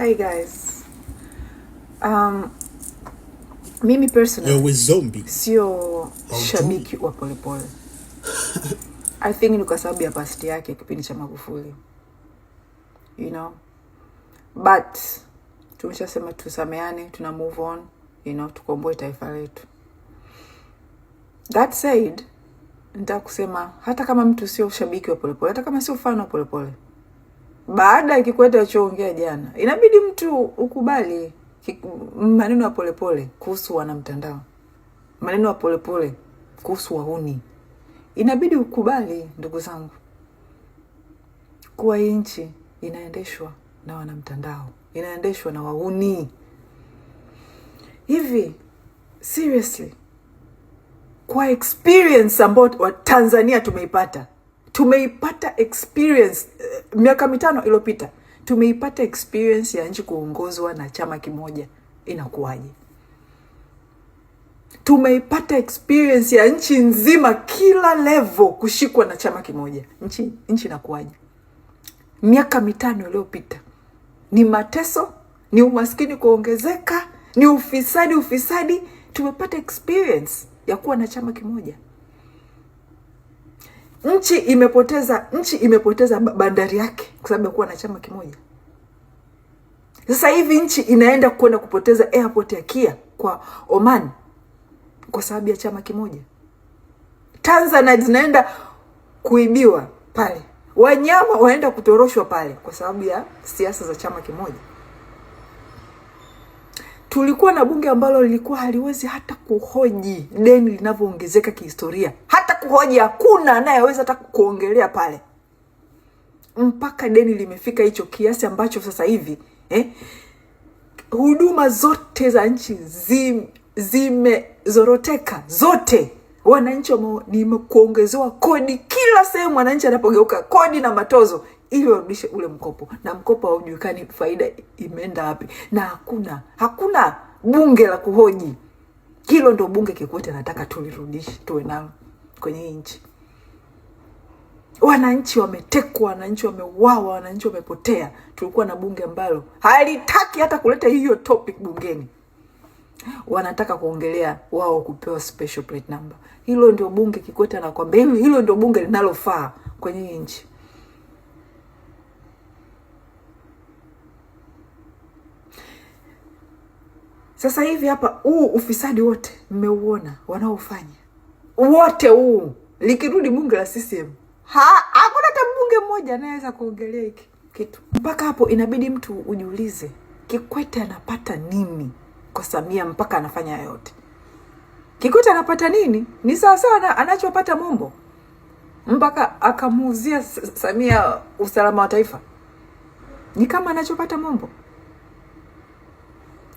Hi guys. Um, mimi personally zombie, sio shabiki wa Polepole. I think ni kwa sababu ya past yake kipindi cha Magufuli, you know, but tumeshasema tusameane, tuna move on, you know, tukomboe taifa letu. That said, nitaka kusema hata kama mtu sio shabiki wa Polepole, hata kama sio fan wa Polepole baada ya Kikwete alichoongea jana, inabidi mtu ukubali maneno ya polepole kuhusu wanamtandao, maneno ya polepole kuhusu wahuni. Inabidi ukubali, ndugu zangu, kuwa hii nchi inaendeshwa na wanamtandao, inaendeshwa na wahuni. Hivi seriously, kwa experience ambayo Tanzania tumeipata, tumeipata experience miaka mitano iliyopita tumeipata experience ya nchi kuongozwa na chama kimoja, inakuwaje? Tumeipata experience ya nchi nzima, kila level kushikwa na chama kimoja, nchi nchi inakuwaje? Miaka mitano iliyopita ni mateso, ni umaskini kuongezeka, ni ufisadi, ufisadi. Tumepata experience ya kuwa na chama kimoja nchi imepoteza nchi imepoteza bandari yake kwa sababu ya kuwa na chama kimoja. Sasa hivi nchi inaenda kwenda kupoteza airport ya Kia kwa Oman kwa sababu ya chama kimoja. Tanzanite zinaenda kuibiwa pale, wanyama waenda kutoroshwa pale kwa sababu ya siasa za chama kimoja. Tulikuwa na bunge ambalo lilikuwa haliwezi hata kuhoji deni linavyoongezeka kihistoria hata kuhoji, hakuna anayeweza hata kuongelea pale, mpaka deni limefika hicho kiasi ambacho sasa hivi eh, huduma zote za nchi zim, zimezoroteka zote. Wananchi nimekuongezewa kodi kila sehemu, wananchi anapogeuka kodi na matozo ili warudishe ule mkopo, na mkopo haujulikani faida imeenda wapi, na hakuna hakuna bunge la kuhoji hilo. Ndo bunge Kikwete nataka tulirudishe tuwe nalo kwenye nchi. Wananchi wametekwa, wananchi wameuawa, wananchi wamepotea. Tulikuwa na bunge ambalo halitaki hata kuleta hiyo topic bungeni, wanataka kuongelea wao kupewa special plate number. Hilo ndio bunge Kikwete anakwambia, hilo ndio bunge linalofaa kwenye hii nchi. Sasa hivi hapa huu ufisadi wote mmeuona wanaofanya wote huu likirudi bunge la CCM, hakuna hata mbunge mmoja anayeweza kuongelea hiki kitu. Mpaka hapo inabidi mtu ujiulize, Kikwete anapata nini kwa Samia mpaka anafanya yote? Kikwete anapata nini? Ni sawasawa anachopata Mombo mpaka akamuuzia Samia usalama wa taifa, ni kama anachopata Mombo.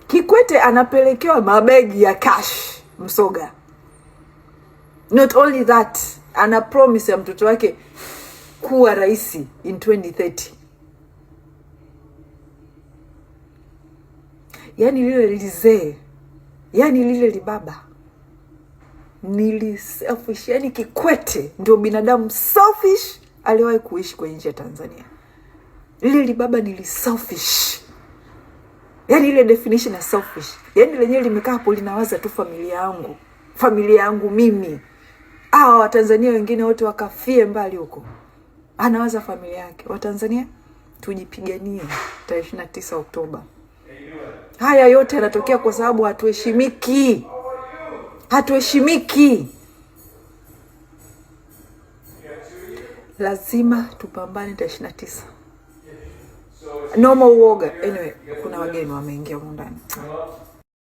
Kikwete anapelekewa mabegi ya cash Msoga. Not only that, ana promise ya mtoto wake kuwa rais in 2030. Yaani lile lizee, yaani lile libaba nili selfish, yaani Kikwete ndio binadamu selfish aliwahi kuishi kwenye nchi ya Tanzania. Lile libaba nili selfish, yaani ile definition ya selfish, yaani lenyewe limekaa hapo linawaza tu familia yangu, familia yangu mimi hawa Watanzania wengine wote wakafie mbali huko, anawaza familia yake. Watanzania tujipiganie tarehe 29 Oktoba. Haya yote yanatokea kwa sababu hatuheshimiki, hatuheshimiki. Lazima tupambane tarehe 29. Noma uoga. Anyway, kuna wageni wameingia huko ndani.